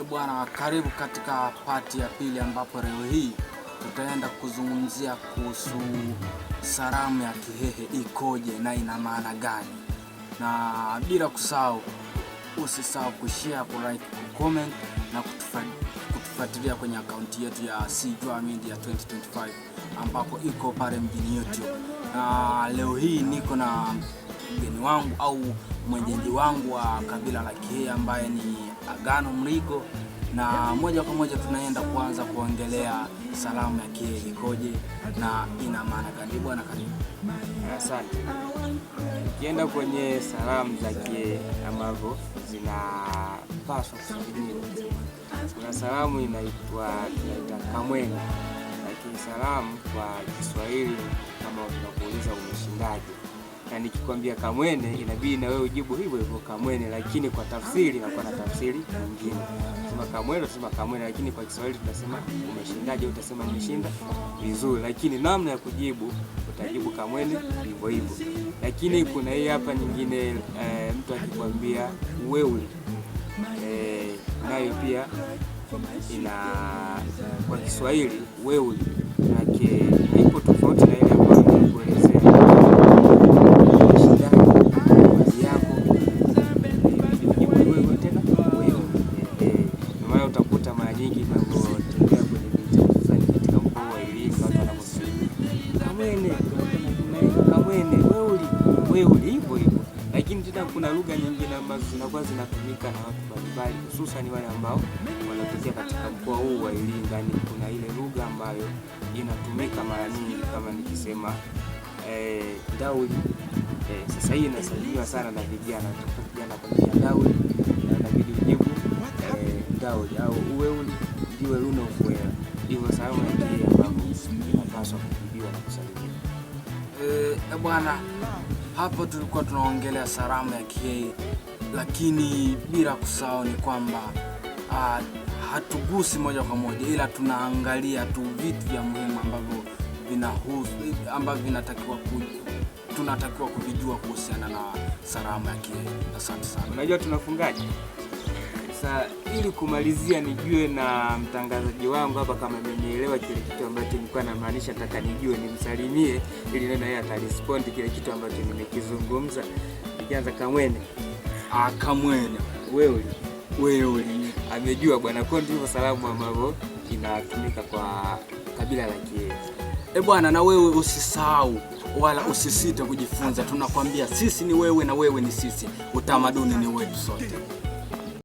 E bwana, karibu katika pati ya pili, ambapo leo hii tutaenda kuzungumzia kuhusu salamu ya Kihehe ikoje na ina maana gani, na bila kusahau, usisahau kushare, kulike, kucomment na kutufuatilia kwenye akaunti yetu ya Sijua Media 2025 ambapo iko pale mjini YouTube, na leo hii niko na mgeni wangu au mwenyeji wangu wa kabila la Kihee ambaye ni Agano Mligo, na moja kwa moja tunaenda kuanza kuongelea salamu ya Kihee ikoje na ina maana gani. Bwana, karibu. Asante. Ukienda kwenye salamu za Kihee ambavyo zinapaswa kusubiriwa, kuna salamu inaitwa inaita kamwenga, lakini salamu kwa Kiswahili kama unakuuliza umeshindaje na nikikwambia kamwene, inabidi na wewe ujibu hivyo hivyo kamwene, lakini kwa tafsiri inakuwa na tafsiri nyingine. Sema kamwene, sema kamwene, lakini kwa Kiswahili tunasema umeshindaje? Utasema nimeshinda vizuri, lakini namna ya kujibu utajibu kamwene hivyo hivyo. Lakini kuna hii hapa nyingine e, mtu akikwambia wewe e, nayo pia ina kwa Kiswahili wewe nake haipo vingi vinavyotokea kwenye miji fulani katika mkoa wa Iringa, watu wanavyosema Kamwene, Kamwene, weuli, weuli, hivyo hivyo. Lakini tena kuna lugha nyingine ambazo zinakuwa zinatumika na watu mbalimbali, hususan wale ambao wanatokea katika mkoa huu wa Iringa. Ni kuna ile lugha ambayo inatumika mara nyingi kama nikisema eh, dauli. Eh, sasa hii inasaidiwa sana na vijana, vijana kwa uwe luna ufuera. Hivyo salamu ya kile ambapo inapaswa kujibiwa na kusalimia. Eh, bwana, hapo tulikuwa tunaongelea salamu ya kile, lakini bila kusahau ni kwamba ah, hatugusi moja kwa moja, ila tunaangalia tu vitu vya muhimu ambavyo vinahusu ambavyo vinatakiwa tunatakiwa kuvijua kuhusiana na salamu ya kile. Asante sana. Unajua tunafungaje? Sasa ili kumalizia, nijue na mtangazaji wangu hapa kama amenielewa kile kitu ambacho nilikuwa namaanisha, nataka nijue nimsalimie, ili nenda yeye atarespondi kile kitu ambacho nimekizungumza. Nikianza Kamwene. Ah, Kamwene wewe wewe, amejua bwana, kondi hivyo salamu ambavyo inatumika kwa kabila la Kihehe. E bwana, na wewe usisahau wala usisite kujifunza. Tunakwambia sisi ni wewe na wewe ni sisi, utamaduni ni wetu sote.